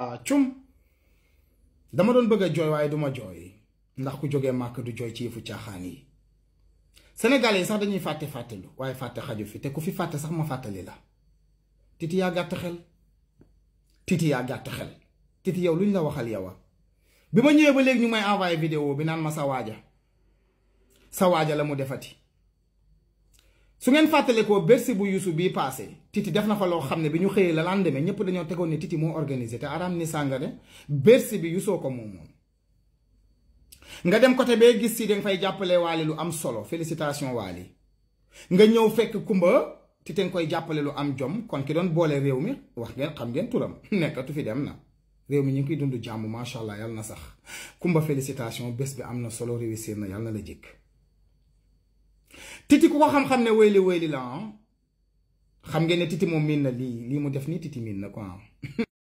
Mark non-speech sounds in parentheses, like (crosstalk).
ah cum dama doon bëgg a jooy waaye duma ma jooy ndax ku jógee màkk du jooy ci yëfu caaxaan yi Sénégal yi sax dañuy fàtte fàttelu waaye fàtte xaju fi te ku fi fàtte sax ma fàttali la titi yaa gàtt xel titi yaa gàtt xel yow luñ la waxal yowa bi ma ñëwee ba léegi ñu may envoyé vidéo bi naan ma sa waaja sa waaja la mu defati Soun gen fate leko, bersi bou yusu bi pase, titi defna folo khamne, bin yu kheye lalande men, nyepou de nyon te konye titi moun organize, te aram nisangade, bersi bi yusu okon moun moun. Nga dem kote be gisi den fay djapole wale lou am solo, felicitasyon wale. Nga nyon fek koumba, titen kway djapole lou am jom, kon ki don bole rewmi, wak gen, kam gen, turem, (laughs) nek, atu fidem na. Rewmi nyen ki dundu djamou, mashallah, yal nasak. Koumba felicitasyon, besbe am nan solo, rewisi, yal nan lejik. titi ko ko xam-xam ne wéyli wéyli la ah xam ngeen ne titi moom miin na lii lii mu def nii titi miin na ko ah (laughs)